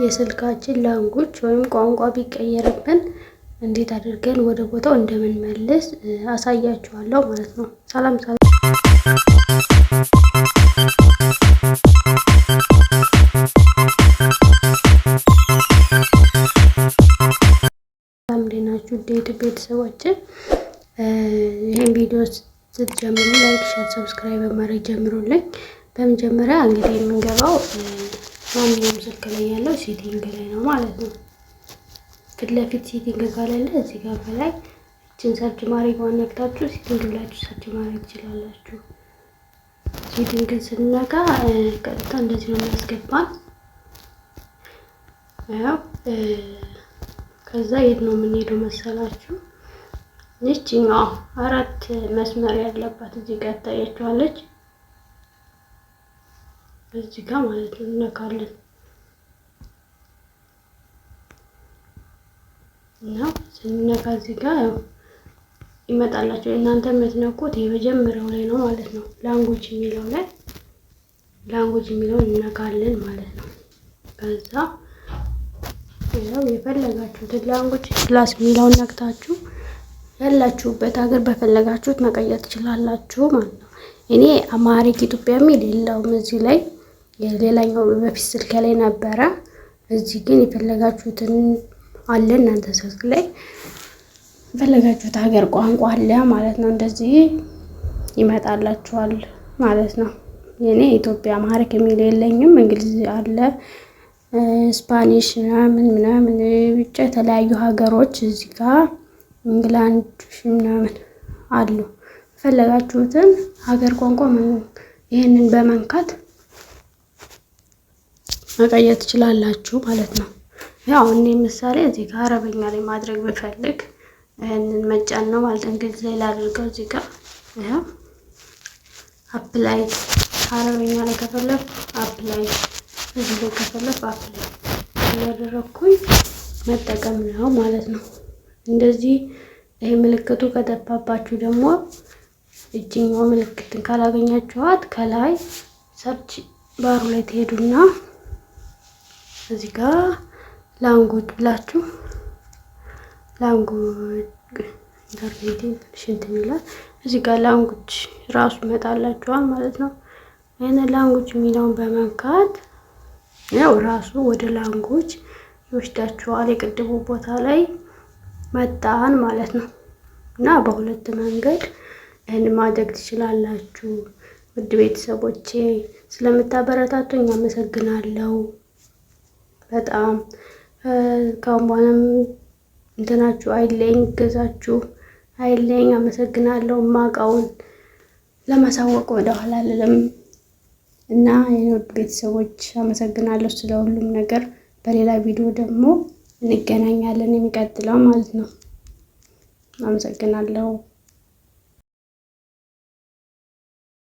የስልካችን ላንጉጅ ወይም ቋንቋ ቢቀየርብን እንዴት አድርገን ወደ ቦታው እንደምንመልስ አሳያችኋለሁ ማለት ነው። ሰላም ሰላም። እንዴት ዴት ቤተሰባችን ይህን ቪዲዮ ስትጀምሩ ላይክ፣ ሸር፣ ሰብስክራይብ በማድረግ ጀምሩልኝ። በመጀመሪያ እንግዲህ የምንገባው ማንኛውም ስልክ ላይ ያለው ሴቲንግ ላይ ነው ማለት ነው። ፊት ለፊት ሴቲንግ ካለለ እዚህ ጋር በላይ እችን ሰርች ማድረግ ዋነግታችሁ ሴቲንግ ብላችሁ ሰርች ማድረግ ትችላላችሁ። ሴቲንግን ስንነካ ቀጥታ እንደዚህ ነው የሚያስገባን። ከዛ የት ነው የምንሄደው መሰላችሁ? ይችኛዋ አራት መስመር ያለባት እዚህ ጋር ታያችኋለች። እዚህ ጋር ማለት ነው እነካለን እና ስንነካ እዚህ ጋር ያው ይመጣላቸው እናንተ የምትነኩት የመጀመሪያው ላይ ነው ማለት ነው። ላንጉጅ የሚለው ላይ ላንጉጅ የሚለውን እነካለን ማለት ነው። ከዛ ያው የፈለጋችሁትን ላንጉጅ ክላስ የሚለውን ነክታችሁ ያላችሁበት ሀገር በፈለጋችሁት መቀየር ትችላላችሁ ማለት ነው። እኔ አማሪክ ኢትዮጵያ የሚል የለውም እዚህ ላይ ሌላኛው በፊት ስልክ ላይ ነበረ። እዚህ ግን የፈለጋችሁትን አለ እናንተ ስልክ ላይ የፈለጋችሁት ሀገር ቋንቋ አለ ማለት ነው። እንደዚህ ይመጣላችኋል ማለት ነው። የኔ ኢትዮጵያ ማረክ የሚል የለኝም። እንግሊዝ አለ፣ ስፓኒሽ ምናምን ምናምን ብቻ የተለያዩ ሀገሮች እዚህ ጋር እንግላንድ ምናምን አሉ። የፈለጋችሁትን ሀገር ቋንቋ ይህንን በመንካት መቀየር ትችላላችሁ ማለት ነው። ያው እኔ ምሳሌ እዚህ ጋር አረበኛ ላይ ማድረግ ብፈልግ ይህንን መጫን ነው ማለት እንግሊዝ ላይ ላድርገው። እዚህ ጋር ያው አፕላይ አረበኛ ላይ ከፈለኩ አፕላይ፣ እዚህ ላይ ከፈለኩ አፕላይ እያደረግኩኝ መጠቀም ነው ማለት ነው። እንደዚህ ይህ ምልክቱ ከጠፋባችሁ ደግሞ እጅኛው ምልክትን ካላገኛችኋት ከላይ ሰርች ባሩ ላይ ትሄዱና እዚህ ጋር ላንጉድ ብላችሁ ላንጉድ ኢንተርኔት ትንሽ እንትን እዚህ ጋር ላንጉጅ ራሱ ይመጣላችኋል ማለት ነው። ይህን ላንጉጅ የሚለውን በመንካት ያው ራሱ ወደ ላንጉጅ ይወስዳችኋል። የቅድቡ ቦታ ላይ መጣን ማለት ነው እና በሁለት መንገድ ይህን ማድረግ ትችላላችሁ። ውድ ቤተሰቦቼ ስለምታበረታቱኝ አመሰግናለሁ። በጣም ካሁን በኋላም እንትናችሁ አይለኝ፣ ገዛችሁ አይለኝ። አመሰግናለሁ። ማቃውን ለማሳወቅ ወደ ኋላ አልልም እና የኖድ ቤተሰቦች አመሰግናለሁ ስለ ሁሉም ነገር። በሌላ ቪዲዮ ደግሞ እንገናኛለን፣ የሚቀጥለው ማለት ነው። አመሰግናለሁ።